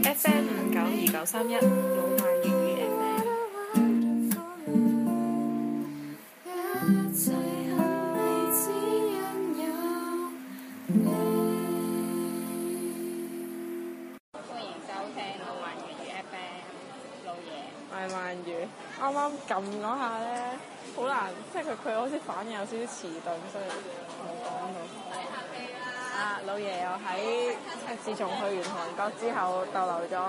FM 五九二九三一老萬粵語 FM。歡迎收聽老萬粵語 FM。老嘢。係萬語。啱啱撳嗰下咧，好難，即係佢佢好似反應有少少遲鈍，所以冇講到。啊！老爺又喺，自從去完韓國之後逗留咗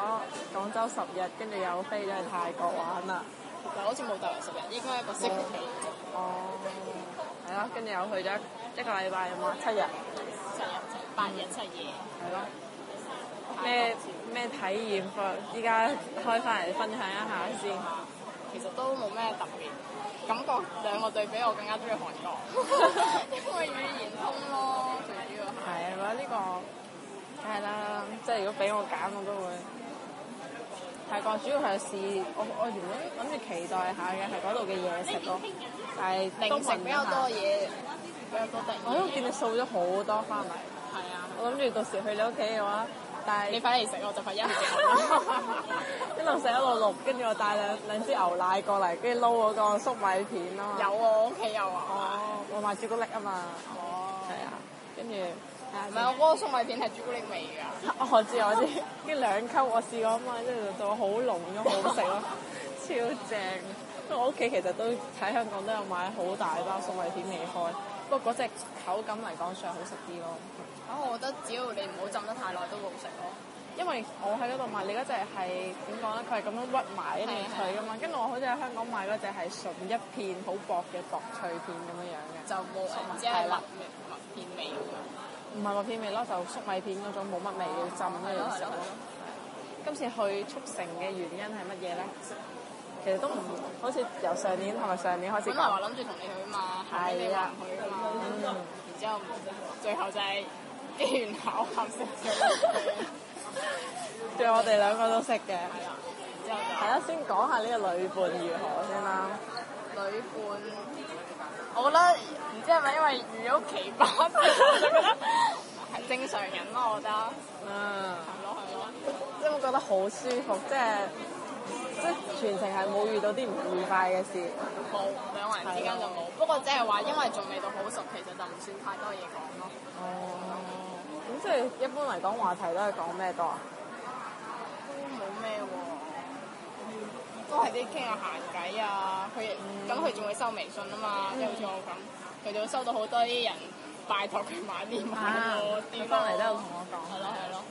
廣州十日，跟住又飛咗去泰國玩啦。但、嗯、好似冇逗留十日，應該一個，嗯哦、一個星期。哦。係咯，跟住又去咗一個禮拜，有冇啊？七日。七日了，八日，七夜。係咯。咩咩體驗？依家開翻嚟分享一下先。其實都冇咩特別，感覺兩個對比，我更加中意韓國， 因為語言通咯。呢個係啦，即係如果俾我揀，我都會泰國主要係試我我原本諗住期待下嘅係嗰度嘅嘢食咯，但係都唔比較多嘢，我喺度見你掃咗好多翻嚟，係啊，我諗住到時去你屋企嘅話，但係你快啲食我就快一啲，一路食一路錄，跟住我帶兩兩支牛奶過嚟，跟住撈嗰個粟米片咯，有啊，我屋企有啊，我買朱古力啊嘛，係啊，跟住。係，唔係、嗯、我嗰個粟米片係朱古力味噶。我知我知，呢兩級我試過啊嘛，跟住就就好濃咁好食咯， 超正。因為我屋企其實都喺香港都有買好大包粟米片未開，不過嗰隻口感嚟講算係好食啲咯。啊、哦，我覺得只要你唔好浸得太耐都好食咯。因為我喺嗰度買，你嗰隻係點講咧？佢係咁樣屈埋啲面皮噶嘛，跟住的我好似喺香港買嗰隻係純一片好薄嘅薄脆片咁樣樣嘅，就冇即係粟米了片味咁樣。唔係麥片味咯，就粟米片嗰種冇乜味、嘅浸嗰樣食咯。今次去速成嘅原因係乜嘢咧？其實都唔好似由上年同埋上年開始。咁來話諗住同你去嘛，你哋去啊嘛對。嗯。然之後最後就係機緣巧合識。對， 我哋兩個都識嘅。係啦、啊，後講先講下呢個女伴如何先啦。女伴。我覺得唔知係咪因為遇咗奇葩，係 正常人咯，我覺得。嗯。係咯係咯，即係會覺得好舒服，即係即係全程係冇遇到啲唔愉快嘅事。冇、嗯，兩個人之間就冇。的不過即係話，因為仲未到好熟，其實就唔算太多嘢講咯。哦、嗯。咁、嗯、即係一般嚟講話題都係講咩多啊？都係啲傾下閒偈啊！佢咁佢仲會收微信啊嘛，就好似我咁，佢就會收到好多啲人拜託佢買啲物，我佢翻嚟都喺度同我講。係咯係咯。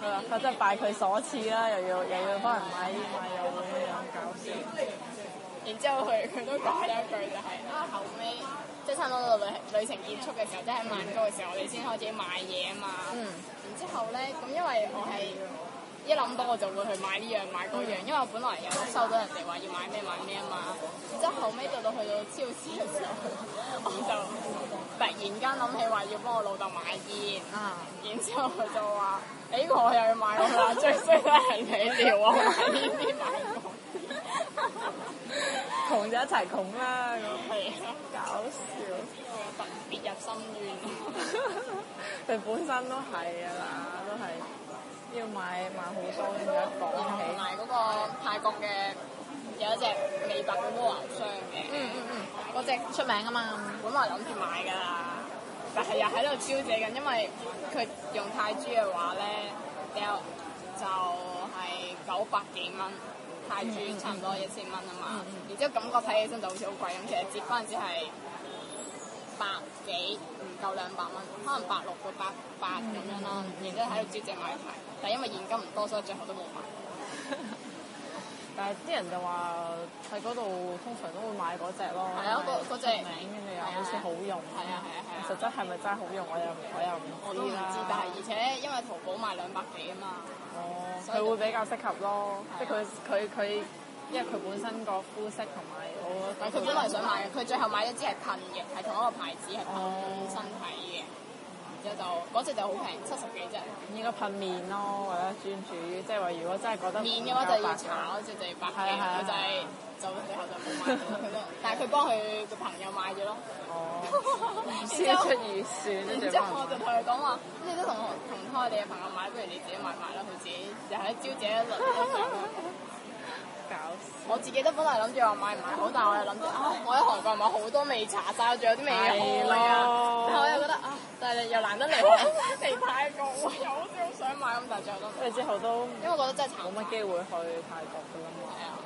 佢話：我真係拜佢所賜啦，又要又要幫人買啲物，又咁有搞笑。然之後佢佢都講咗一句就係：啊後尾，即係差唔多到旅旅程結束嘅時候，即係喺曼谷嘅時候，我哋先開始買嘢啊嘛。嗯。然之後咧，咁因為我係。一諗到我就會去買呢樣買嗰樣，因為我本來又收到人哋話要買咩買咩啊嘛，然之後後尾到到去到超市嘅時候，我 就突然間諗起話要幫我老豆買煙，然之後我就話：誒、欸、呢、這個我又要買啦， 最衰都係你叫 我買呢啲買嗰啲，窮就 一齊窮啦咁。係、那、啊、個，的搞笑，特別入心淵。佢 本身都係啊，都係。買買好多嘅一個同埋嗰個泰國嘅有一隻美白嘅蝸牛霜嘅、嗯，嗯嗯嗯，嗰隻出名啊嘛，嗯、本來諗住買噶喇，但係又喺度招惹緊，因為佢用泰銖嘅話咧，有就係九百幾蚊泰銖，差唔多一千蚊啊嘛，然之後感覺睇起身就好似好貴咁，其實折翻只係百幾唔夠兩百蚊，可能百六到百八咁樣啦，然後喺度招借買牌，但係因為現金唔多，所以最後都冇買。但係啲人就話喺嗰度通常都會買嗰隻咯，係啊，嗰嗰隻名跟住又好似好用，係啊係啊係啊，實際係咪真係好用我又我又唔知啦。但係而且因為淘寶賣兩百幾啊嘛，哦，佢會比較適合咯，即係佢佢佢。因為佢本身個膚色同埋我，但係佢本來想買嘅，佢最後買咗支係噴嘅，係同一個牌子係噴身體嘅，然之後就嗰隻就好平，七十幾啫。應該噴面咯，或者專注即係話如果真係覺得面嘅話就要搽咯，就係白嘅佢就係就最後就冇買咗，但係佢幫佢個朋友買咗咯。超預算。然之後我就同佢講話，你都同同開你嘅朋友買，不如你自己買埋啦，佢自己就喺招姐一上。我自己都本嚟諗住話買唔係好，但係我又諗住啊，我喺韓國買好多未查曬，但我仲有啲咩嘢好啊！的但我又覺得啊，但係又難得嚟，我諗翻嚟泰國啊，又好想買咁大隻咯，但係之後都因為我覺得真係冇乜機會去泰國嘅啦。的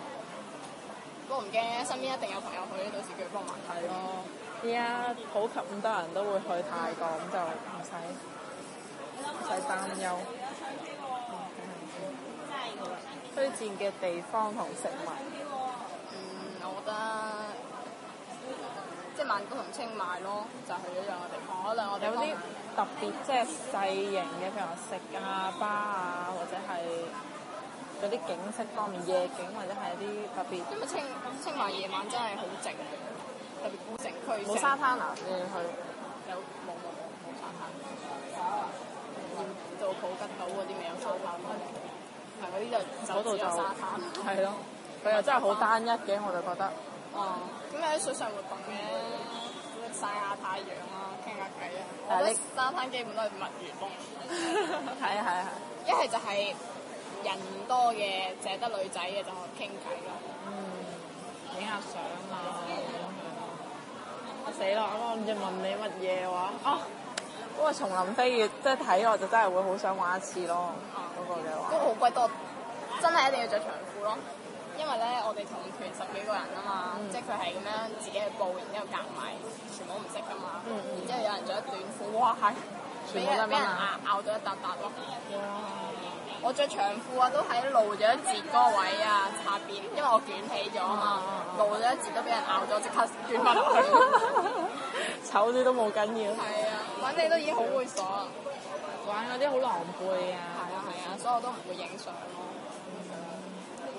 不過唔驚，身邊一定有朋友去，到時叫佢幫埋睇咯。依家的、嗯、普及咁多人都會去泰國，咁就唔使唔使擔憂。推薦嘅地方同食物，嗯，我覺得、嗯、即係曼谷同清邁咯，就係、是、一樣嘅地方。可能我哋有啲特別即係細型嘅，譬如話食啊、巴啊，或者係嗰啲景色方面，夜景或者係啲特別。清清邁夜晚真係好靜，特別古城區冇沙灘啊？你嗯，去有，有冇冇冇冇冇冇冇冇冇冇冇冇冇冇冇冇冇冇嗰啲就走到就，沙灘，係咯，佢又真係好單一嘅，我就覺得。哦，咁有啲水上活動嘅，曬下太陽啦，傾下偈啊。我覺得沙灘基本都係蜜月風。係係係。一係就係人多嘅，淨得女仔嘅就傾偈咯。嗯，影下相啊咁樣。我死啦！唔知問你乜嘢話？啊！嗰個叢林飛躍，即係睇我就真係會好想玩一次咯，嗰個嘅。好鬼多，真係一定要着長褲咯，因為咧我哋同團十幾個人啊嘛，嗯、即係佢係咁樣自己去報，然之後夾埋全部唔識噶嘛，然之後有人着短褲，哇係，俾人俾人咬咬咗一笪笪咯，哇！塊塊哇我着長褲啊，都喺露咗一截嗰位啊，插邊，因為我捲起咗啊嘛，露咗一截都俾人咬咗，即刻轉翻去！ 醜啲都冇緊要，係啊、嗯，玩你都已經好會所啦，玩啲好狼狽啊。所以我都唔會影相咯。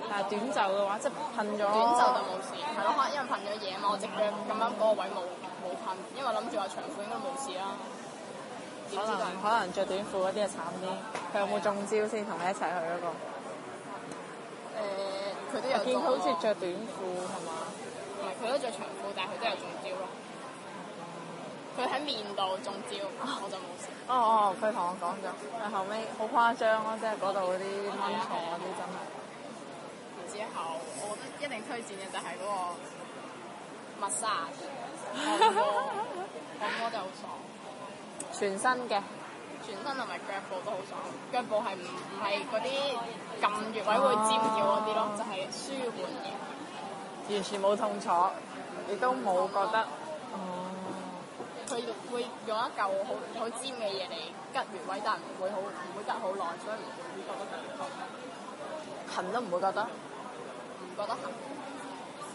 但係短袖嘅話，即係噴咗短袖就冇事，係咯對，因為噴咗嘢嘛。嗯、我隻腳咁啱嗰個位冇冇噴，因為諗住話長褲應該冇事啦。就是、可能可能著短褲嗰啲就慘啲。佢、嗯、有冇中招先？同你一齊去嗰個？佢、嗯、都有、啊。我見佢好似着短褲係嘛？唔係，佢吧都着長褲，但係佢都有中招咯、啊。佢喺面度中招，我就冇事哦。哦哦，佢同我講咗，佢後尾好誇張咯，嗯、即係嗰度嗰啲蚊蟲嗰啲真係的。然之後，我覺得一定推薦嘅就係嗰、那個 massage，按摩真係好爽。全身嘅，全身同埋腳部都好爽，腳部係唔係嗰啲撳穴位會尖叫嗰啲咯，哦、就係舒緩。完全冇痛楚，亦都冇覺得。嗯佢會用一嚿好好尖嘅嘢嚟拮穴位，但唔會好唔會拮好耐，所以唔會,得會得覺得特別痛。痕都唔會覺得，唔覺得痕。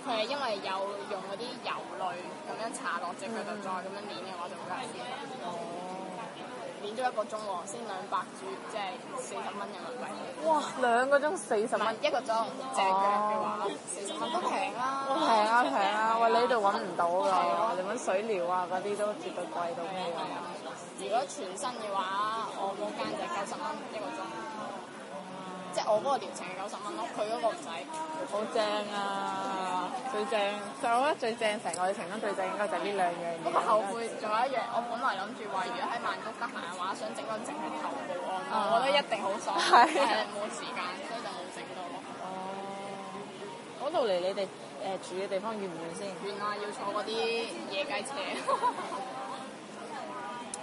佢係因為有用嗰啲油類咁樣搽落隻腳度，再咁、嗯、樣捻嘅話就，就會有啲。免咗一個鐘喎，先兩百 G，即係四十蚊人民幣。就是、有有哇，兩個鐘四十蚊，一個鐘隻嘅四十蚊都平啦。都平啊平啊，喂、啊啊，你呢度揾唔到㗎，你揾、啊、水療啊嗰啲都絕對貴到咩咁、嗯。如果全身嘅話，我嗰間就九十蚊一個鐘。即係我嗰個療程係九十蚊咯，佢嗰個唔使。好正啊！最正，就我覺得最正成，成愛情中最正應該就係呢兩樣嘢。不過後悔仲有一樣，我本來諗住話，如果喺曼谷得閒嘅話，想整個整頭部按摩，嗯、我覺得一定好爽，誒冇、啊、時間， 所以就冇整到咯。哦，嗰度離你哋誒、呃、住嘅地方遠唔遠先？遠啊，要坐嗰啲野雞車。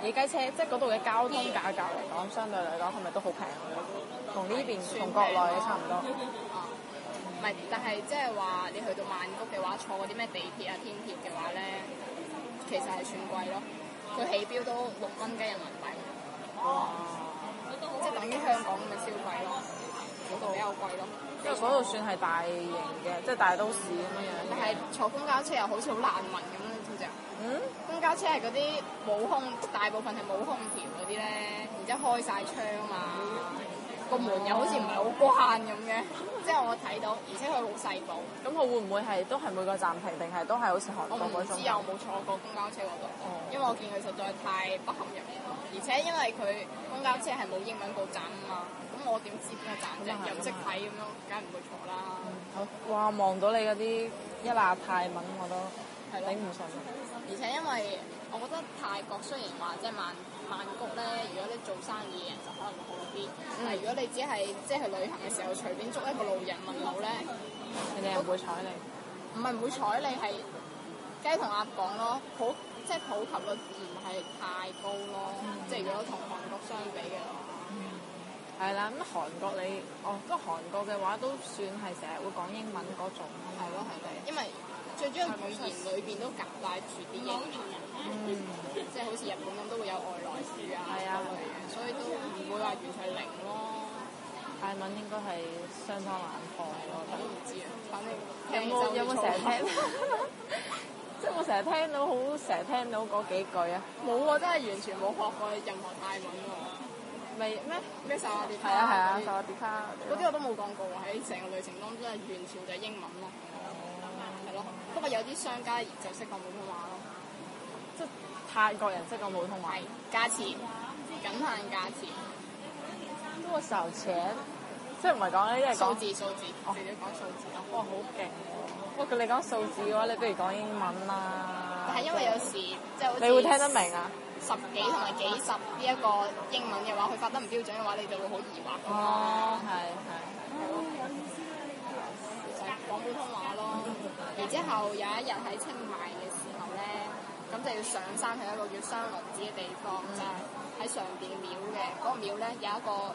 野雞車即係嗰度嘅交通價格嚟講，天相對嚟講係咪都好平？同呢邊同國內差唔多。唔係、啊，但係即係話你去到曼谷嘅話，坐嗰啲咩地鐵啊、天鐵嘅話咧，其實係算貴咯。佢起標都六蚊雞人民幣。哇！即係等於香港咁嘅消費咯，嗰度、嗯、比較貴咯。因為嗰度算係大型嘅，嗯、即係大都市咁樣樣。但係坐公交車又好似好難揾咁樣，好似啊。嗯。.公交車係嗰啲冇空，大部分係冇空調嗰啲咧，然之後開晒窗嘛，個門又好似唔係好關咁嘅。之後我睇到，而且佢好細部。咁佢會唔會係都係每個站停，定係都係好似韓國我唔知。我冇坐過公交車嗰個，因為我見佢實在太不合入，而且因為佢公交車係冇英文報站啊嘛，咁我點知邊個站？又唔識睇咁咯，梗係唔會坐啦。好哇，望到你嗰啲一攔泰文，我都頂唔順。而且因為我覺得泰國雖然話即係曼曼谷咧，如果你做生意嘅人就可能會好啲，嗯、但係如果你只係即係去旅行嘅時候隨便捉一個路人問路咧，人哋又唔會睬你。唔係唔會睬你係雞同鴨講咯，普即係普及率唔係太高咯，嗯、即係如果同韓國相比嘅話。係啦、嗯，咁韓國你哦，不過韓國嘅話都算係成日會講英文嗰種，係咯係咯，因為。最主要語言裏邊都夾帶住啲英，即係好似日本咁都會有外來語啊嗰類嘅，所以都唔會話完全零咯。泰文應該係相當難學咯，我都唔知啊，反正有冇成日聽？即係我成日聽到好，成日聽到嗰幾句啊。冇喎，真係完全冇學過任何泰文喎。未咩？咩薩瓦迪卡？啊係啊，薩瓦迪卡嗰啲我都冇講過喎。喺成個旅程當中真係完全就係英文咯。不過有啲商家就識講普通話咯，即泰國人識講普通話，價錢僅限價錢。不過時候請，即唔係講呢啲係數字數字，我哋講數字，哇好勁喎！哇，你講數字嘅話，你不如講英文啦。但係因為有時即係，你會聽得明啊？十幾同埋幾十呢一個英文嘅話，佢發得唔標準嘅話，你就會好疑惑。哦，係係。講普通話咯。然之後有一日喺清邁嘅時候咧，咁就要上山去一個叫雙龍寺嘅地方，嗯、就啦。喺上邊嘅廟嘅嗰個廟咧，有一個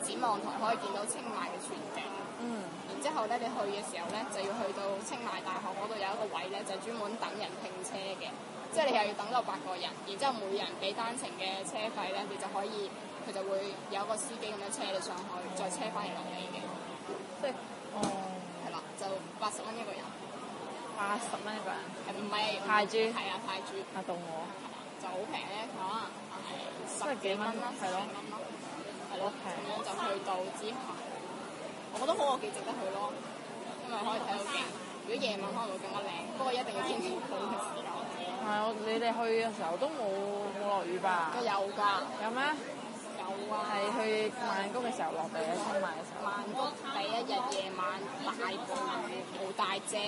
展望台，可以見到清邁嘅全景。嗯。然之後咧，你去嘅時候咧就要去到清邁大學嗰度有一個位咧，就專、是、門等人拼車嘅，即係你又要等到八個人，然之後每人俾單程嘅車費咧，你就可以佢就會有個司機咁樣車你上去，再車翻嚟落嚟嘅。即係哦，係啦對、嗯，就八十蚊一個人。八十蚊一個人，唔係泰銖，係啊，泰銖啊，到我就好平咧，可能三十幾蚊啦，係咯，係咯，咁就去到之後，我覺得好，我幾值得去咯，因為可以睇到景。如果夜晚可能會更加靚，不過一定要天氣好嘅時候去。係我你哋去嘅時候都冇冇落雨吧？有㗎，有咩？有啊，係去曼谷嘅時候落地，埋嘅，去曼谷第一日夜晚大暴雨，冇帶遮。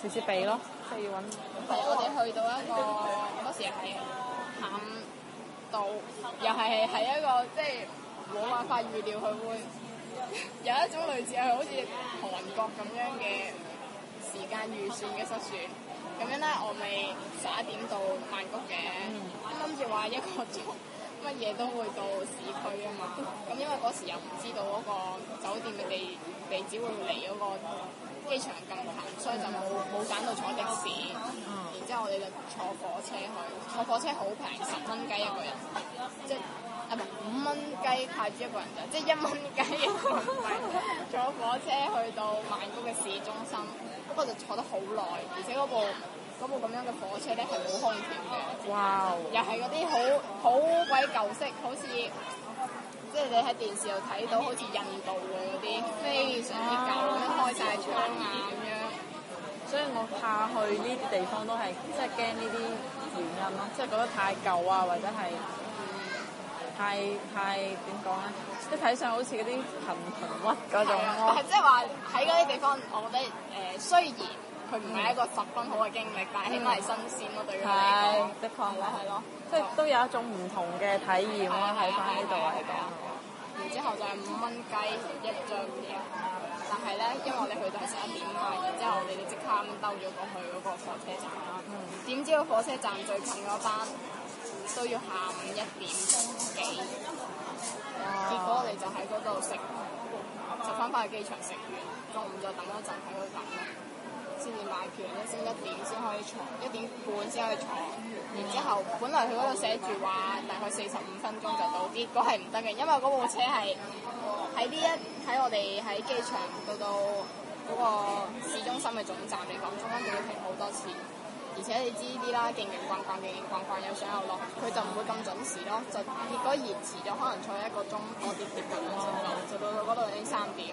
直接俾咯，即係要揾。係，我哋去到一個嗰 時係下午到，又係喺一個即係冇辦法預料佢會有一種類似係好似韓國咁樣嘅時間預算嘅失算。咁樣咧，我咪十一點到曼谷嘅，咁諗住話一個鐘乜嘢都會到市區啊嘛。咁因為嗰時又唔知道嗰個酒店嘅地地址會唔會嚟嗰個。機場咁近，所以就冇冇揀到坐的士、嗯，的然之後我哋就坐火車去，坐火車好平，十蚊雞一個人，即係啊五蚊雞泰銖一個人就，即係一蚊雞一個銖。坐、那個、火車去到曼谷嘅市中心，不過就坐得好耐，而且嗰部嗰部咁樣嘅火車咧係冇空調嘅，wow, 又係嗰啲好好鬼舊式，好似～即係你喺電視又睇到，好似印度嘅嗰啲非常之舊，開晒窗嘅咁樣。所以我怕去呢啲地方都係，即係驚呢啲原因咯，即係覺得太舊啊，或者係、嗯、太太點講咧，一睇上好似嗰啲貧窮屈嗰種咯。係、啊、我即係話喺嗰啲地方，我覺得誒、呃、雖然。佢唔係一個十分好嘅經歷，但係起碼係新鮮咯。對於你嚟講，的確咯，係咯、就是，即係都有一種唔同嘅體驗咯。睇翻對、嗯、呢度係咁。然之後就係五蚊雞一張票，但係咧，因為我哋去到係十一點嘛。然之後我哋就即刻兜咗過去嗰個火車站啦。點、嗯、知個火車站最近嗰班都要下午一點鐘幾，嗯、結果我哋就喺嗰度食，食翻返去機場食完，中午就等一陣喺嗰度等。先至買票，都先一點先可以坐，一點半先可以坐。Mm hmm. 然之後，本來佢嗰度寫住話大概四十五分鐘就到，結果係唔得嘅，因為嗰部車係喺呢一喺我哋喺機場到到嗰個市中心嘅總站嚟講，中間都要停好多次。而且你知呢啲啦，健健逛逛，健健逛逛，又上又落，佢就唔會咁準時咯，就結果延遲咗，可能坐一個鐘多啲，佢都唔知道，就到到嗰度已經三點，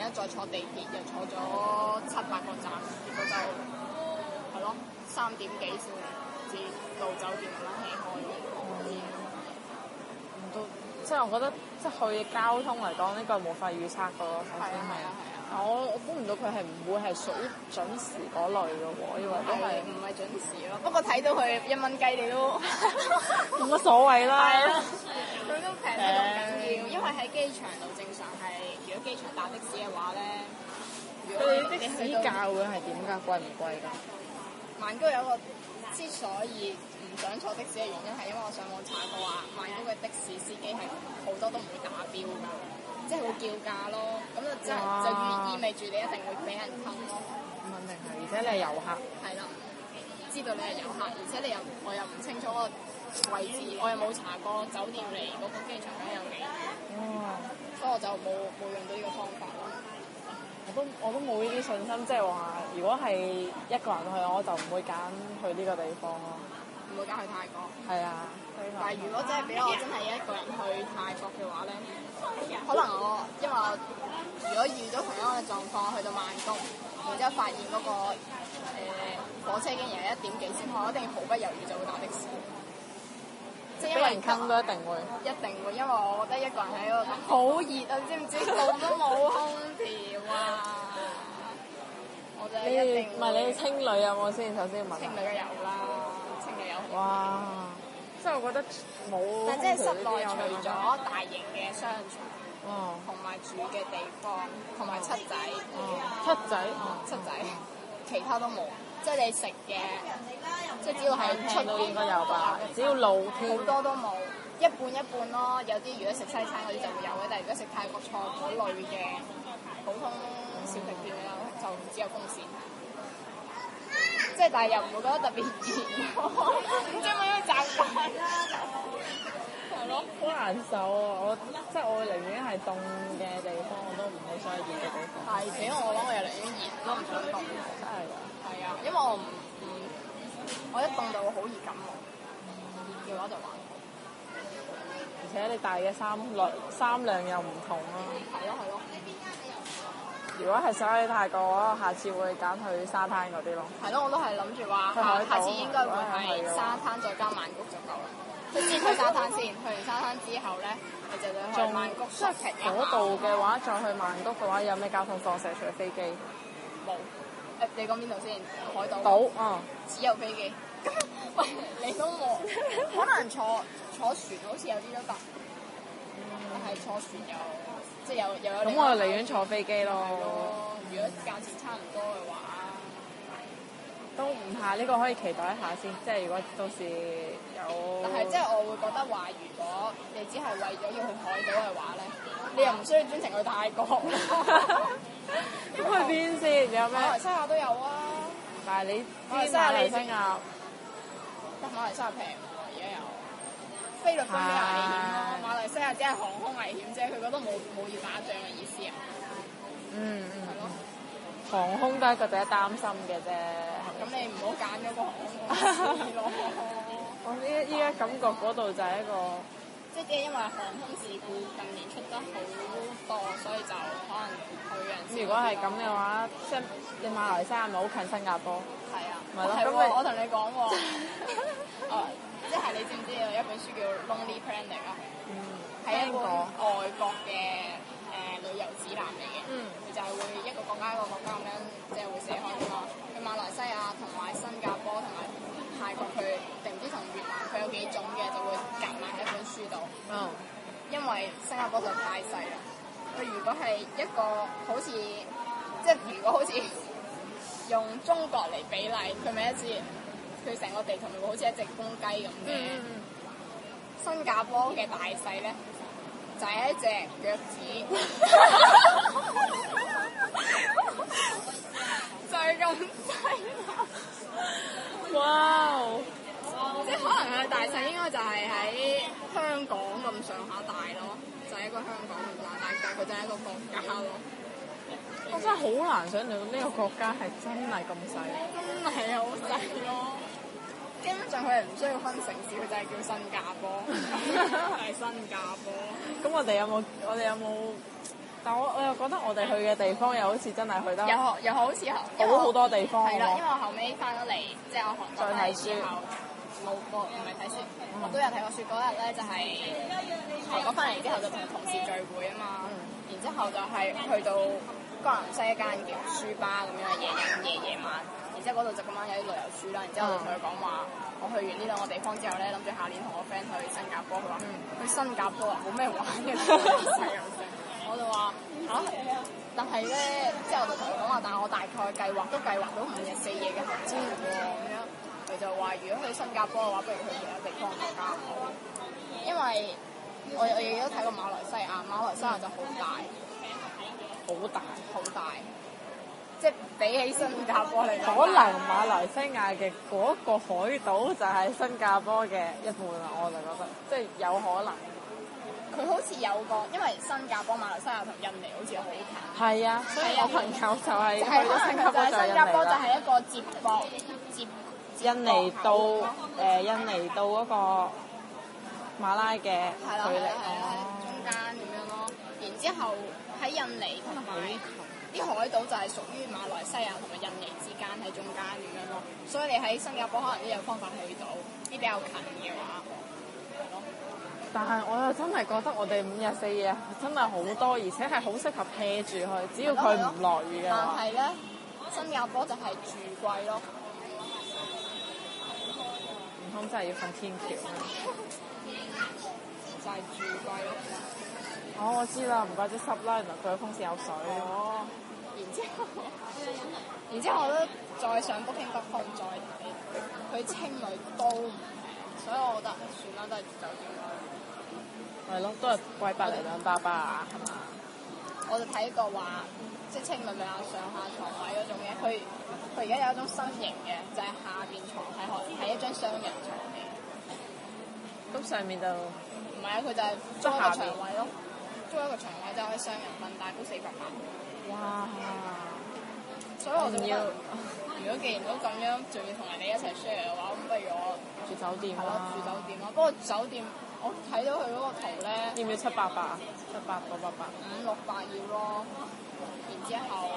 然家再坐地鐵又坐咗七八個站，結果就係、是、咯，三點幾先至到酒店慢慢起開煙，咁嗯，都、嗯、即係我覺得，即係去交通嚟講，呢、這個冇法預測㗎。首先係啊，係。我我估唔到佢係唔會係屬準時嗰類嘅喎，我以為都係唔係準時咯。不過睇到佢一蚊雞，你都冇乜所謂啦。佢都平到咁緊要，嗯、因為喺機場度正常係，如果機場打的士嘅話咧，佢的，的士價會係點㗎？貴唔貴㗎？曼谷有一個之所以唔想坐的士嘅原因係因為我上網查過話，曼谷嘅的，的士司機係好多都唔會打表㗎。即係會叫價咯，咁就即係哇 就意味住你一定會俾人坑咯。肯定係，而且你係遊客，係啦，知道你係遊客，而且你又我又唔清楚個位置，嗯、我又冇查過、嗯、酒店嚟嗰、嗰個機場點樣遠，所以、嗯、我就冇冇用到呢個方法咯。我都我都冇呢啲信心，即係話如果係一個人去，我就唔會揀去呢個地方咯。唔會加去泰國。係啊的，但係如果真係俾我真係一個人去泰國嘅話咧，可能我因為我如果遇到同樣嘅狀況，去到曼谷，然之後發現嗰個火車竟然係一點幾先開，我一定毫不猶豫就會打的士。即係一個人坑都一定會。一定會，因為我覺得一個人喺嗰度好熱啊！你知唔知？路都冇空調啊！我真係唔係你哋青旅有冇先？首先問下。青旅梗有啦。哇！即係我覺得冇。但係即係室內除咗大型嘅商場，嗯，同埋住嘅地方，同埋七仔，七仔，七仔，其他都冇。即係你食嘅，即係只要係出面，應該有吧。只要露天，好多都冇，一半一半咯。有啲如果食西餐嗰啲就會有嘅，但係如果食泰國菜嗰類嘅普通小食店咧，就只有風扇。即係，但係又唔會覺得特別熱， 你知唔知？因為習慣，係咯，好難受啊！我即係我寧願係凍嘅地方，我都唔會想去熱嘅地方。係，而且我諗我又寧願熱都唔想凍嘅，真係㗎。係啊，因為我唔，我一凍就會好易感冒，熱嘅話就還好。而且你大嘅衫涼，衫涼又唔同啦，啊。係咯，係咯。如果係想去泰國，我下次會揀去沙灘嗰啲咯。係咯、嗯，我都係諗住話下次應該會係沙灘再加曼谷就夠啦。 先去沙灘先，去完沙灘之後咧，我就想去曼谷。仲即係嗰度嘅話，再去曼谷嘅話，話有咩交通方式除咗飛機？冇。誒，你講邊度先？海島。島。嗯。只有飛機。咁，喂，你都冇？可能 坐坐船好似有啲都得。但係坐船又即係又又有，咁我係寧願坐飛機咯。如果價錢差唔多嘅話，都唔怕。呢、呢個可以期待一下先。即係如果到時有，但係即係我會覺得話，如果你只係為咗要去海島嘅話咧，你又唔需要專程去泰國。咁去邊先？有咩？馬來、啊、西亞都有啊。但係、啊、你馬來、啊啊、西亞？得馬來、啊、西亞平。菲律賓比較危險咯，馬來西亞只係航空危險啫，佢覺得冇冇要打仗嘅意思啊。嗯嗯。係咯。航空都係一個第一擔心嘅啫。咁你唔好揀嗰個航空咯。我依依家感覺嗰度就係一個，即係因為航空事故近年出得好多，所以就可能去。人。如果係咁嘅話，即係你馬來西亞係咪好近新加坡？係啊。咪咯，我同你講喎。即係你知唔知有一本書叫 Lonely Planet 啊，係、嗯、一個外國嘅誒、呃、旅遊指南嚟嘅，佢、嗯、就係會一個國家一個國家咁樣即係、就是、會寫開嘅嘛。去馬來西亞同埋新加坡同埋泰國佢定唔知同越南，佢有幾種嘅就會夾埋喺本書度。嗯，因為新加坡就太細啦。佢如果係一個好似即係如果好似用中國嚟比例，佢咪一次。佢成個地球咪好似一隻公雞咁嘅，嗯、新加坡嘅大細咧就係、是、一隻腳趾， 就係咁細哇，即係可能佢大細應該就係喺香港咁上下大咯，就係、是、一個香港咁上下大，但係佢就係一個國家咯。嗯、我真係好難想象呢個國家係真係咁細，真係好細咯～基本上佢係唔需要分城市，佢就係叫新加坡，係新加坡。咁我哋有冇？我哋有冇？但我我又覺得我哋去嘅地方又好似真係去得。又又好似好好多地方。係啦，因為我後尾翻咗嚟，即係我學咗睇雪、冇過，唔係睇雪。我都有睇過雪嗰日咧，就係韓國翻嚟之後就同同事聚會啊嘛。嗯、然之後就係去到江南西一間叫書吧咁樣嘅夜飲夜夜晚。夜晚。之後嗰度就咁啱有啲旅遊書啦，然之後我就同佢講話，嗯、我去完呢兩個地方之後咧，諗住下年同我 friend 去新加坡，佢話、嗯、去新加坡 啊，冇咩玩嘅，我就話嚇，但係咧，之後我就同佢講話，但係我大概計劃都計劃到五日四夜嘅，嗯，咁樣，佢就話如果去新加坡嘅話，不如去其他地方更加好，因為我我亦都睇過馬來西亞，馬來西亞就好大，好大好大。即係比起新加坡嚟講，可能馬來西亞嘅嗰個海島就係新加坡嘅一半啦，我就覺得，即係有可能。佢好似有個，因為新加坡馬來西亞同印尼好似好近。係啊，所以我朋友就係去咗新加坡就印尼啦。新加坡就係一個接駁接印尼到誒印尼到嗰個馬拉嘅距離，喺中間咁樣咯。然之後喺印尼同埋。啲海島就係屬於馬來西亞同埋印尼之間喺中間咁樣咯，嗯、所以你喺新加坡可能都有方法去到啲比較近嘅話。但係我又真係覺得我哋五日四夜真係好多，而且係好適合披住去，只要佢唔落雨嘅話。但係咧，新加坡就係住貴咯。唔通真係要瞓天橋咩？嗯？就係、是、住貴咯。哦，我知啦，唔怪得濕啦，原來佢個風扇有水。嗯。然之後，我都再上 Booking 北方再睇，佢青旅都唔平，所以我覺得算啦，都係住酒店咯。係咯，都係貴百零兩百吧，係嘛？我就睇過話，即係青旅有上下床位嗰種嘅，佢佢而家有一種新型嘅，就係、是、下邊床。係可以係一張雙人床嘅。咁上面就唔係啊！佢就係租一個床位咯，租面一個床位，個床位就可、是、以雙人瞓，但係都四百蚊。哇！所以我仲要，如果既然都咁樣，仲要同人哋一齊 share 嘅話，咁不如我住酒店啦、啊，住酒店啦。不過酒店，我睇到佢嗰個圖咧，要唔要七八八啊？七八,八八？八八？五六八？要咯。然之後，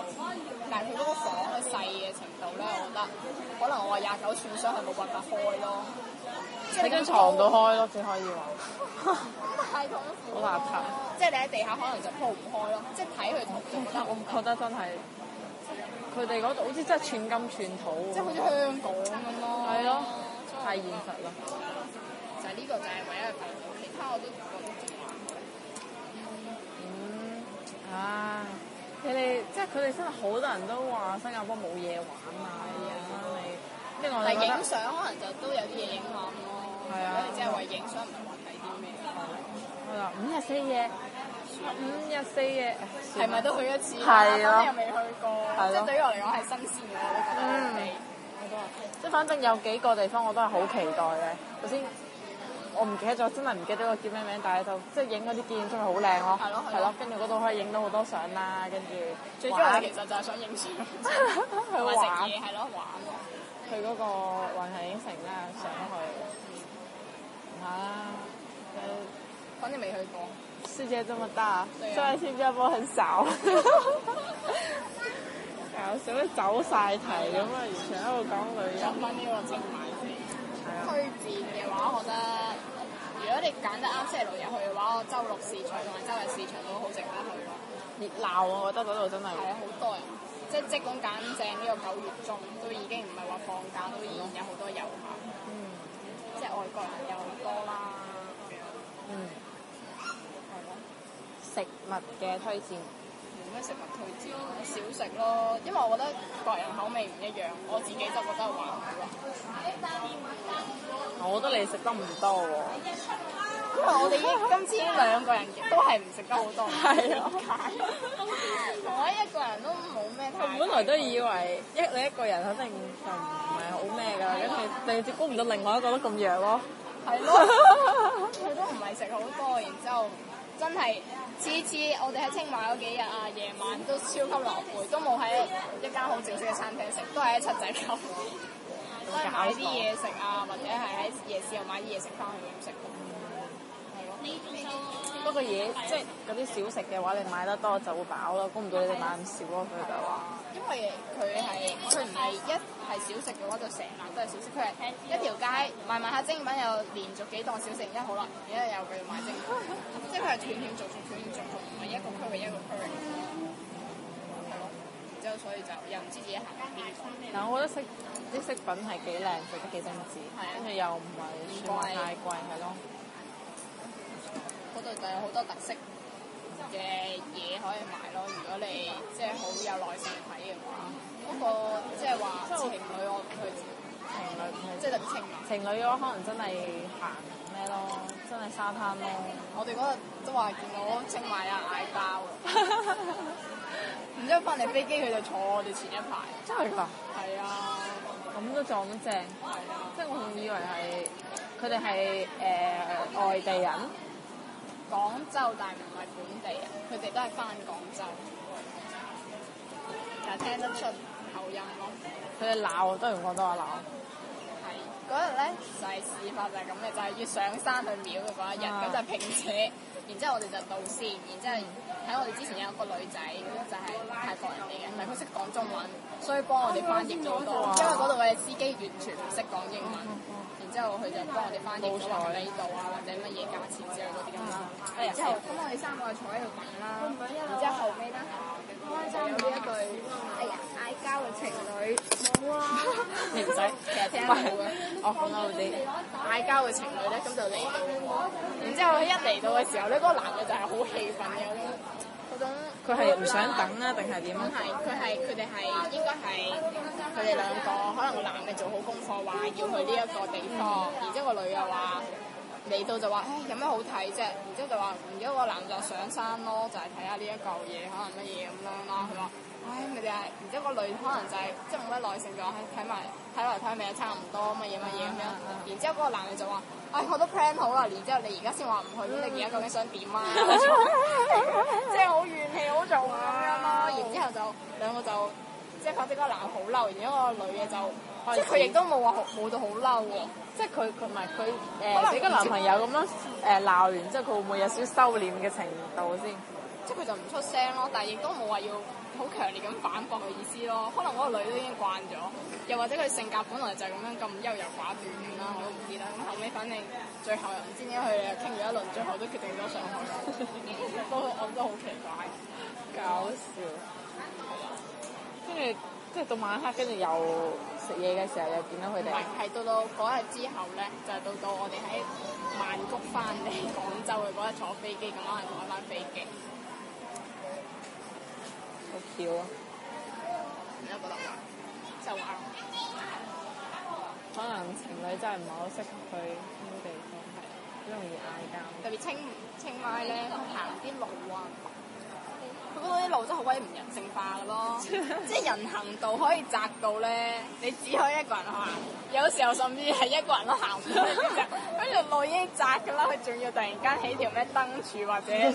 但係佢嗰個房嘅細嘅程度咧，我覺得可能我話廿九寸箱係冇辦法開咯。喺張床度開咯，只可以喎。咁 啊，太痛 好邋遢。即係你喺地下可能就鋪唔開咯。嗯、即係睇佢同。我覺得真係，佢哋嗰度好似真係寸金寸土。即係好似香港咁咯。係咯，太現實啦。就係呢個就係唯一嘅大補，其他我都唔覺得點玩。嗯啊，佢哋即係佢哋真係好多人都話新加坡冇嘢玩啊！你另外我哋。得影相可能就都有啲嘢影下咯、啊。係啊，即係為影相，唔係話睇啲咩。係啊，五日四夜，五日四夜係咪都去一次？係啊。你又未去過，即係對於我嚟講係新鮮嘅。我都覺得。即係反正有幾個地方我都係好期待嘅。頭先我唔記得咗，真係唔記得個叫咩名，但係就即係影嗰啲建築好靚呵。係咯，係咯。跟住嗰度可以影到好多相啦。跟住，最主要其實就係想影相同埋食嘢，係咯，玩。去嗰個環球影城啦，上去。啊、ah, right. 反正未去過。世界這麼大，雖然新加坡很少。有少都走晒題咁啊，完全喺度講旅遊。揾呢個招牌先。推薦嘅話，對我覺得如果你揀得啱星期六入去嘅話，周六市場同埋周日市場都好值得去咯。熱鬧，我覺得嗰度真係。係啊，好多人，即係即管揀正呢、這個九月中，都已經唔係話放假，都已經有好多遊客。即係外國人又多啦，嗯，係咯。食物嘅推薦，冇咩食物推薦，少食咯，因為我覺得各人口味唔一樣，我自己就覺得還好啦。我覺得你食得唔多喎。因為我哋今次兩個人都係唔食得好多，係啊的， 我一個人都冇咩。我本來都以為一你一個人肯定就唔係好咩㗎，跟住第二節估唔到另外一個都咁弱咯。係咯的，佢 都唔係食好多，然之後真係次次我哋喺清華邁嗰幾日啊，夜晚都超級狼狽，都冇喺一間好正式嘅餐廳食，都係喺七仔級，買啲嘢食啊， 或者係喺夜市又買啲嘢食翻去食。不過嘢，即係嗰啲小食嘅話，你買得多就會飽咯。估唔到你哋買咁少咯，啊，佢就話。因為佢係佢唔係一係小食嘅話，就成日都係小食。佢係一條街賣賣下精品，又連續幾檔小食，一好啦，然之後又佢賣精。即係佢係斷斷續續、斷斷續續，唔係一個區域一個區域。係咯，嗯。然之後所以就又唔知自己行街邊。嗱，我覺得食啲飾品係幾靚，做得幾精緻，跟住又唔係乖算太貴，係咯。嗰度就有好多特色嘅嘢可以買咯，如果你即係好有耐性睇嘅話。不過即係話情侶，情侶我佢情侶，即係特別情。情侶嘅話，可能真係行咩咯，真係沙灘咯。我哋嗰日都係話見到清邁有嗌交啊，唔 知翻嚟飛機佢就坐我哋前一排。真係㗎？係 啊。咁都撞得正，啊、即係我仲以為係佢哋係誒外地人。廣州，但係唔係本地人，佢哋都係翻廣州，就聽得出口音咯。佢哋鬧都用廣州話鬧。係嗰日咧就係、是、事發就係咁嘅，就係、是、要上山去廟嘅嗰一日，咁、啊、就拼車，然之後我哋就先導線，然之後喺我哋之前有一個女仔就係、是、泰國人嚟嘅，唔係佢識講中文，嗯、所以幫我哋翻譯咗。哎、因為嗰度嘅司機完全唔識講英文。嗯之後佢就幫我哋翻譯出嚟呢度啊，錯或者乜嘢價錢之類嗰啲咁嘅嘢。之、嗯、後咁我哋三個就坐喺度等啦。嗯、然之後然後尾咧，開心呢、嗯、一句，哦、哎呀，嗌交嘅情侶。冇啊哇。你唔使，其實聽好啊，哦是，好得好啲。嗌交嘅情侶咧，咁就嚟。然之後一嚟到嘅時候咧，嗰、那個男嘅就係好氣憤嘅嗰種嗰種佢係唔想等啊，定係點樣啊？唔係，佢係佢哋係應該係佢哋兩個，可能個男嘅做好功課話要去呢一個地方，然之後個女又話。嚟到就話，唉，有咩好睇啫？然之後就話，而家個男就上山咯，就係睇下呢一嚿嘢，可能乜嘢咁樣啦。佢話，唉、哎，佢哋係，然之後個女可能就係、是，即係冇乜耐性就係睇埋，睇落睇咪差唔多乜嘢乜嘢咁樣。 然之後嗰個男嘅就話，唉、哎，我都 plan 好啦，然之後你而家先話唔去，你而家究竟想點啊？ 即係好怨氣好重咁哇樣啦。然之後就兩個就。即係反正個男好嬲，然之後個女嘅就，即係佢亦都冇話冇到好嬲喎。即係佢佢唔係佢誒俾個男朋友咁樣誒鬧、嗯、完之後，佢會唔會有少少收斂嘅程度先？即係佢就唔出聲咯，但係亦都冇話要好強烈咁反駁嘅意思咯。可能嗰個女都已經慣咗，又或者佢性格本來就係咁樣咁優柔寡斷啦，嗯、我都唔知啦。咁後尾反正最後又唔知點解佢又傾咗一輪，最後都決定咗上學。我 都我都好奇怪，搞， 笑。笑笑笑。跟住即係到晚黑，跟住又食嘢嘅時候又見到佢哋。係係到到嗰日之後咧，就係到到我哋喺曼谷翻嚟廣州嘅嗰日坐飛機，咁啱係同一班飛機。好巧啊！你有冇覺得？就、嗯、話、嗯嗯嗯嗯、可能情侶真係唔係好適合去呢啲地方，係好容易嗌交。特別清清邁咧，行啲路啊。佢嗰度啲路真係好鬼唔人性化嘅咯，即係人行道可以窄到咧，你只可以一個人行，有時候甚至係一個人都行唔到嘅時候，跟住路已經窄嘅啦，佢仲要突然間起條咩燈柱或者一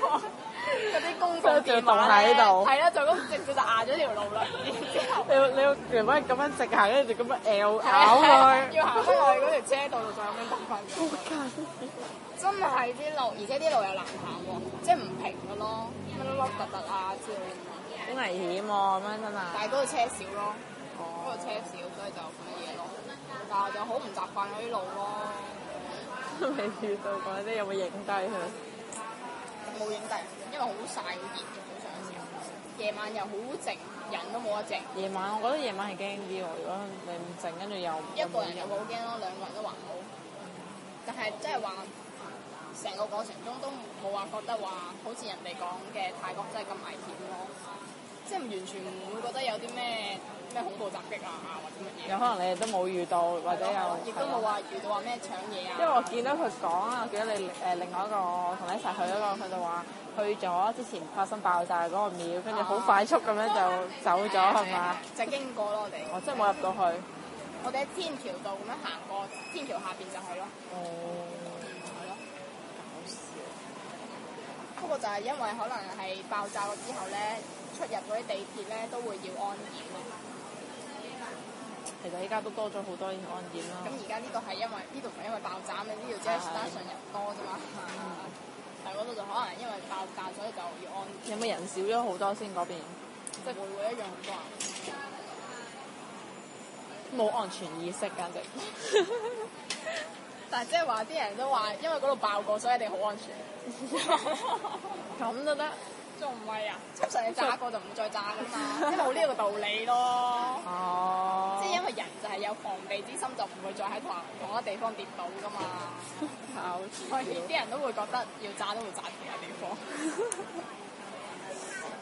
個。 嗰啲公車咁動喺度，係啦，就咁直接就壓咗條路啦。你你原本咁樣直行，跟住就咁樣拗拗去，要行出嚟嗰條車道就咁樣打翻轉。真係啲路，而且啲路又難行喎，即係唔平嘅咯，乜都凹凹凸凸啊之類咁啊，好危險喎咁樣真係。但係嗰度車少咯，嗰度車少，所以就冇乜嘢咯。但係我就好唔習慣嗰啲路咯。都未遇到過，啲有冇影低佢？冇影低。因為好曬，好熱，早上嘅時候。夜晚又好靜，人都冇得靜。夜晚我覺得夜晚係驚啲喎，如果你唔靜，跟住又一個人又好驚咯，兩個人都還好。但係即係話，成個過程中都冇話覺得話，好似人哋講嘅泰國真係咁危險咯，即係唔完全唔會覺得有啲咩。恐怖襲擊啊或者乜嘢，有可能你哋都冇遇到，或者有亦都冇話遇到話咩搶嘢啊。因為我見到佢講啊，見到你誒另外一個同你一齊去嗰個，佢就話去咗之前發生爆炸嗰個廟，跟住好快速咁樣就走咗，係嘛？就經過咯，我哋我即係冇入到去。我哋喺天橋度咁樣行過天橋下邊就去咯。哦，係咯，搞笑。不過就係因為可能係爆炸咗之後咧，出入嗰啲地鐵咧都會要安檢咯。其實依家都多咗好多安檢啦。咁而家呢度係因為呢度唔係因為爆炸，呢度 just 單純人多啫嘛。係嗰度就可能因為爆炸，所以就要安。有冇人少咗好多先嗰邊？即係會唔會一樣好多人？冇安全意識，簡直。但係即係話啲人都話，因為嗰度爆過，所以一定好安全。咁都得？仲唔係啊？通常炸過就唔會再炸㗎嘛，因為冇呢一個道理咯。哦。就係有防備之心，就唔會再喺同同一地方跌倒㗎嘛。所以啲人都會覺得要炸都會炸其他地方。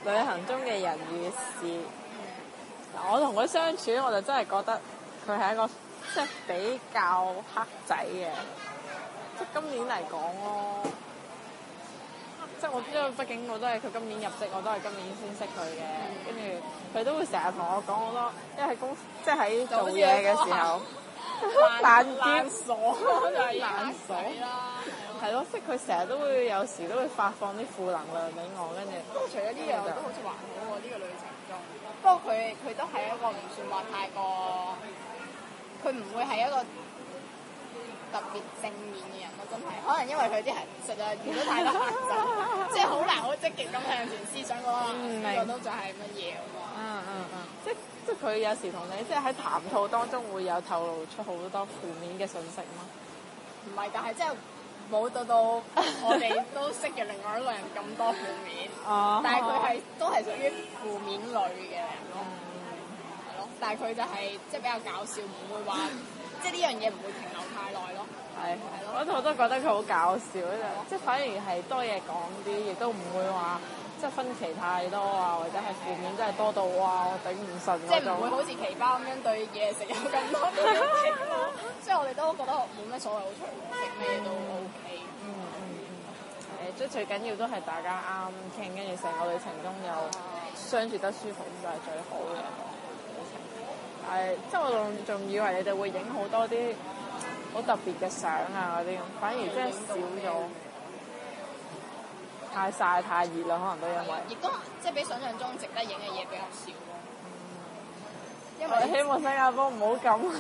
旅行中嘅人與事， 我同佢相處，我就真係覺得佢係一個即係比較黑仔嘅，即係今年嚟講咯。即係我，因為畢竟我都係佢今年入職，我都係今年先識佢嘅。跟住佢都會成日同我講好多，即係喺公司，即係喺做嘢嘅時候，難結所就係難所啦。係咯，即係佢成日都會有時都會發放啲負能量俾我，跟住。不過除咗呢樣，對都好似還好喎。呢個旅程中，不過佢佢都係一個唔算話太過，佢唔會係一個。特別正面嘅人，我真係可能因為佢啲係實在遇到太多黑心， 即係好難好積極咁向前思想嗰個，呢個都仲係乜嘢喎？嗯嗯嗯，即係即係佢有時同你即係喺談吐當中會有透露出好多負面嘅信息咯。唔係，但係即係冇到到我哋都識嘅另外一個人咁多負面， 但係佢係都係屬於負面類嘅人咯。嗯但係佢就係、是、即係比較搞笑，唔會話即係呢樣嘢唔會停留太耐咯。係，我同我都覺得佢好搞笑，嗯、即係反而係多嘢講啲，亦都唔會話即係分歧太多啊，或者係負面真係多到哇，我頂唔順嗰種。即係唔會好似奇葩咁樣對嘢食有咁多嘅傾。即係 我哋都覺得冇咩所謂，好隨便食咩都 O K、嗯。嗯。即、嗯、係、嗯嗯、最緊要都係大家啱傾，跟住成個旅程中有相處得舒服，咁就係最好嘅。 誒，即係我仲仲以為你哋會影好多啲好特別嘅相啊嗰啲，反而真係少咗，太曬太熱啦，可能都因為亦都即係比想象中值得影嘅嘢比較少咯。因為我希望新加坡唔好咁。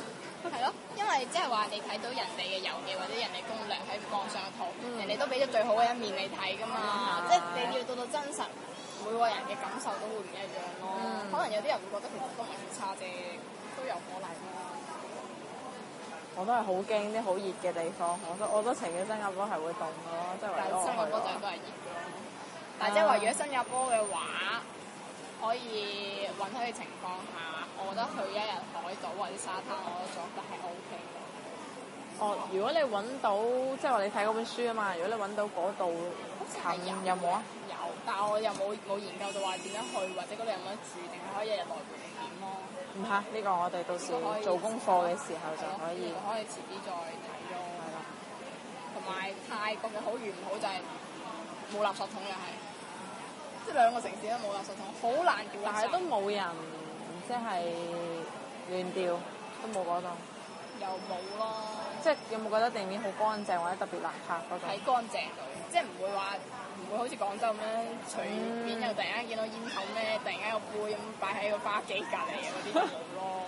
係咯，因為即係話你睇到人哋嘅遊記或者人哋攻略喺網上嘅圖，嗯、人哋都俾咗最好嘅一面你睇㗎嘛，嗯、即係你要到到真實，每個人嘅感受都會唔一樣咯。嗯、可能有啲人會覺得其實都唔差啫。都有，我都係好驚啲好熱嘅地方，嗯、我都我都情願新加坡係會凍咯，即係為咗。但新加坡熱、嗯、就都係熱嘅。但即係話如果新加坡嘅話，可以允許嘅情況下，我覺得去一日海島或者沙灘嗰種都係 O K 嘅。OK、哦，如果你揾到，即係話你睇嗰本書啊嘛，如果你揾到嗰度，近有冇啊？有，有，有，但係我又冇冇研究到話點樣去，或者嗰度點樣住，定係可以一日來回。唔吓，呢個我哋到時做功課嘅時候就可以，可以遲啲再睇咯。係啦的，同埋泰國嘅好與唔好就係冇垃圾桶又係，嗯、即係兩個城市都冇垃圾桶，好難。但係都冇人即係亂丟，都冇嗰種。又冇咯。即係有冇覺得地面好乾淨或者特別邋遢嗰種，係乾淨度。即係唔會話，唔會好似廣州咁樣隨便又突然間見到煙頭咩，突然間個杯咁擺喺個花機隔離嗰啲就冇咯。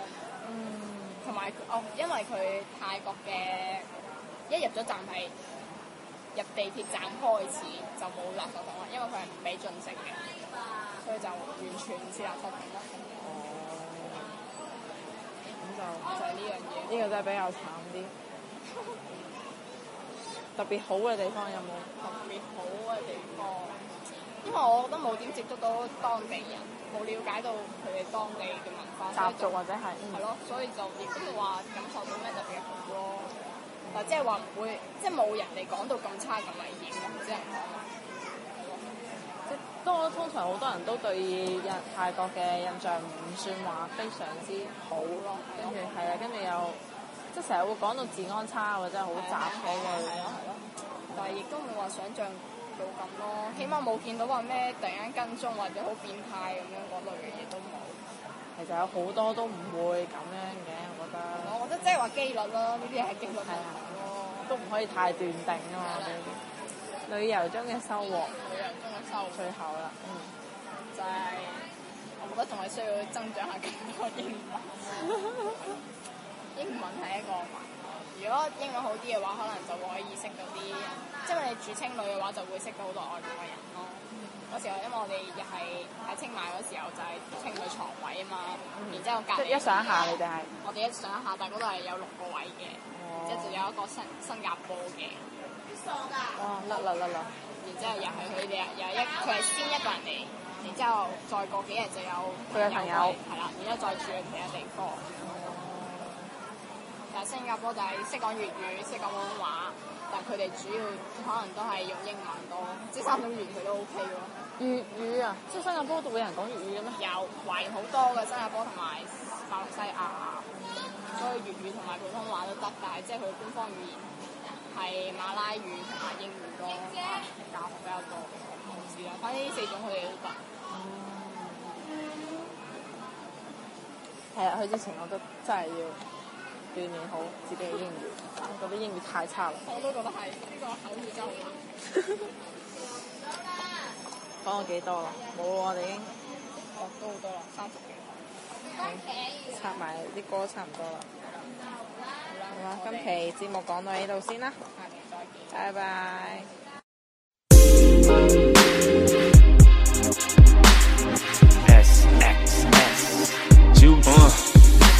嗯， 同埋哦，因為佢泰國嘅一入咗站係入地鐵站開始就冇垃圾桶啦，因為佢係唔俾進食嘅，所以就完全唔設垃圾桶咯。哦、嗯，咁就就呢樣嘢，呢個真係比較慘啲。 特別好嘅地方有冇？特別好嘅地方，因為我都冇點接觸到當地人，冇了解到佢哋當地嘅文化，習俗或者係，係、嗯、咯，所以就亦都冇話感受到咩特別好咯，或者即係話唔會，即係冇人哋講到咁差咁危險咁即係可能。即係，當、就、我、是、通常好多人都對人泰國嘅印象唔算話非常之好咯，跟住係啊，跟住有。嗯即成日會講到治安差或者係好雜喎。係咯係咯，但係亦都冇話想象到咁咯。起碼冇見到話咩突然間跟蹤或者好變態咁樣嗰類嘅嘢都冇。其實有好多都唔會咁樣嘅，我覺得。我覺得即係話機率咯，呢啲係機率咯，都唔可以太斷定啊嘛。旅遊中嘅收穫。旅遊中嘅收穫最後啦，嗯，就係我覺得仲係需要增長下更多見聞。 英文係一個文，如果英文好啲嘅話，可能就會可以識到啲，即係你住青旅嘅話，就會識到好多外國嘅人咯。嗰時候因為我哋又係喺清邁嗰時候就係、是、青旅床位啊嘛，然之後隔一上一下你哋係我哋一上一下，但嗰度係有六個位嘅，哦、即係仲有一個新新加坡嘅。啲傻㗎！哦，甩甩甩甩！然之後又係佢哋又一佢係先一個人嚟，然之後再過幾日就有佢嘅朋友係啦，然之後再住喺其他地方。嗯但新加坡就係識講粵語，識講廣東話，但佢哋主要可能都係用英文多，即係三種語言佢都 OK 喎。粵語啊，即係新加坡度會有人講粵語嘅咩？有，華人好多嘅，新加坡同埋馬來西亞，所以粵語同埋普通話都得，但係即係佢官方語言係馬拉語同埋英文多，姐教學比較多，我唔知啦。反正呢四種佢哋都得。係啊、嗯嗯，去之前我都真係要。鍛鍊好自己嘅英語，但係嗰啲英語太差啦。我都覺得係呢個口語真。講咗幾多啦？冇啊，我哋已經哦，都好多啦，三十幾。好，插埋啲歌差唔多啦。好啦，今期節目講到呢度先啦。下期再見。拜拜。